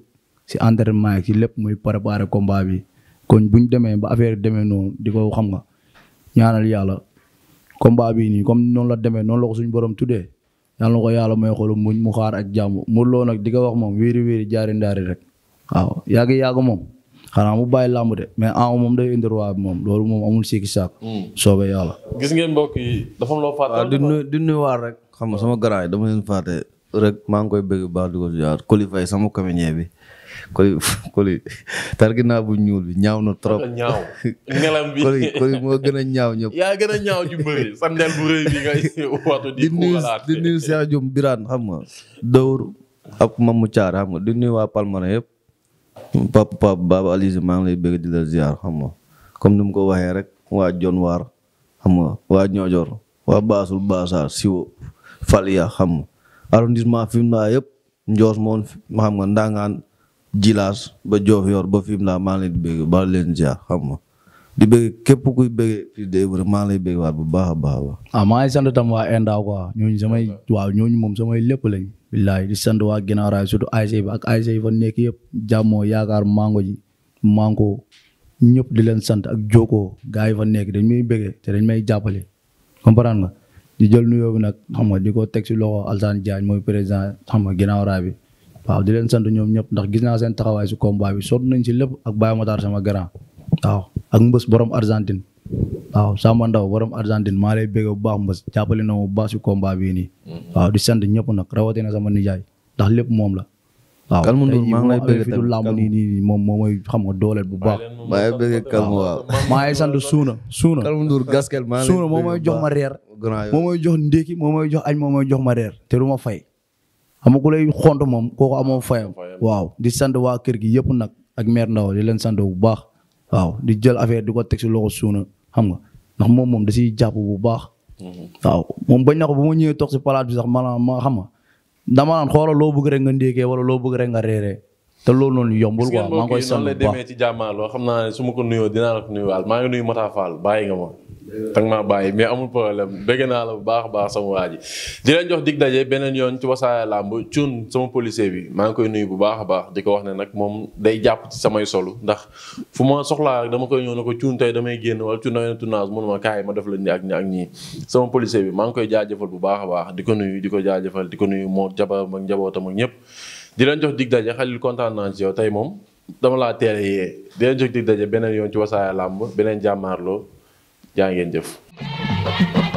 si entraînement yi si lépp muy préparer combat bi kon bu ñu demee ba affaire demee noonu di xam nga ñaanal yàlla combat bii nii comme noonu la demee noonu la ko suñu boroom tuddee yàlla na ko yàlla may xolu muñ mu xaar ak jàmm mu loo nag di ko wax moom wéeri wéeri jaari ndaari rek waaw yàgg yàgg moom xanaa mu bàyyi làmb de mais en moom day indi moom loolu moom amul sikki saak. Hmm. soobee yàlla. gis ngeen mbokk yi dafa loo fàtte. waaw di xam nga sama garaay dama leen fàtte rek maa ngi koy bëgg baax di ko jaar Coly Faye sama comédien bi. koli koli targinaa bu ñuul bi ñaaw na trop. ñaaw ngelam bi koli koli moo gën bu rëy xam nga. Dóor ak Mamou Thiar xam nga di waa Palmarin yëpp. papa papa Baba Aliou maa ngi lay bëgg di la ziar xam nga comme ni mu ko waxee rek waa Jon Waar xam nga waa Ñoojoor waa Baasul Baasaar Siwo Falia xam nga arrondissement Fimela yëpp Ndios moom xam nga Ndangaan. jilaas ba joof yor ba fi mu laa maa leen di bëgg ba leen jaar xam nga di bëgg képp kuy bëgg fii de maa lay bëgg waat bu baax a baax a ah maa ngi sant tam waa Enda quoi ñooñu samay waaw ñooñu moom samay lépp lañ di sant waa Guinaw Rail surtout ASC bi ak ASC yi fa nekk yëpp jàmmoo yaakaar mango ji maango ñëpp di leen sant ak jokkoo gars yi fa nekk dañ may bëggee te dañ may jàppale comprendre nga di jël nuyoo nag xam nga di ko teg si loxo Alsane Diagne mooy président xam nga Guinaw Rail waaw di leen sant ñoom ñëpp ndax gis naa seen taxawaay si combat bi sonn nañ si lépp ak Baye Matar sama grand waaw ak mbës borom Argentine waaw Samba Ndaw borom Argentine maa lay bëgg bu baax mbës jàppale na mu baax si combat bii nii waaw di sant ñëpp nag rawatina sama nijaay ndax lépp moom la waaw kalmu Ndour maa ngi lay bëgg xam nga dooleel bu baax. maa ngi bëgg suuna suuna. kalmu Ndour gaskel maa ngi moom mooy jox ma reer. moom mooy jox ndéki moom mooy jox añ moom mooy jox ma reer te ma fay. xam nga ku lay xont moom kooku amoo fayam waaw di sant waa kër gi yëpp nag ak mère Ndaw di leen sant bu baax waaw di jël affaire di ko teg si loxo suuna xam nga ndax moom moom da siy jàpp bu baax. Mhm. waaw moom bañ na ko bu ma ñëwee toog si palaat bi sax ma ma xam nga dama naan xoolal loo bëgg rek nga ndékkee wala loo bëgg rek nga reeree. te loolu noonu yombul quoi koy sant demee ci jàmmaaloo xam naa ne su ko nuyoo dinaa la ko maa ngi nuyu Mata bàyyi nga ma. tang maa bàyyi mais amul problème bëgg naa la bu baax a baax sama waa ji di leen jox dig daje beneen yoon ci Wassare Lamb cuun sama policier bi maa ngi koy nuyu bu baax di ko wax ne nag day jàpp ci samay ndax fu ma soxlaa rek dama koy ñëw ne ko cuun tey damay génn wala cuun damay tournage mënuma kaay ma def la ni ak ak ñii sama policier bi maa ngi koy jaajëfal bu baax a baax di ko nuyu di ko jaajëfal di ko nuyu moo jabaram ak njabootam ak ñëpp di leen jox dig daje Khalil kontaan naa ci yow tey moom dama laa teel a yee di jox dig daje beneen yoon ci Wassare Lamb beneen jàmmaarloo jaa ngeen jëf.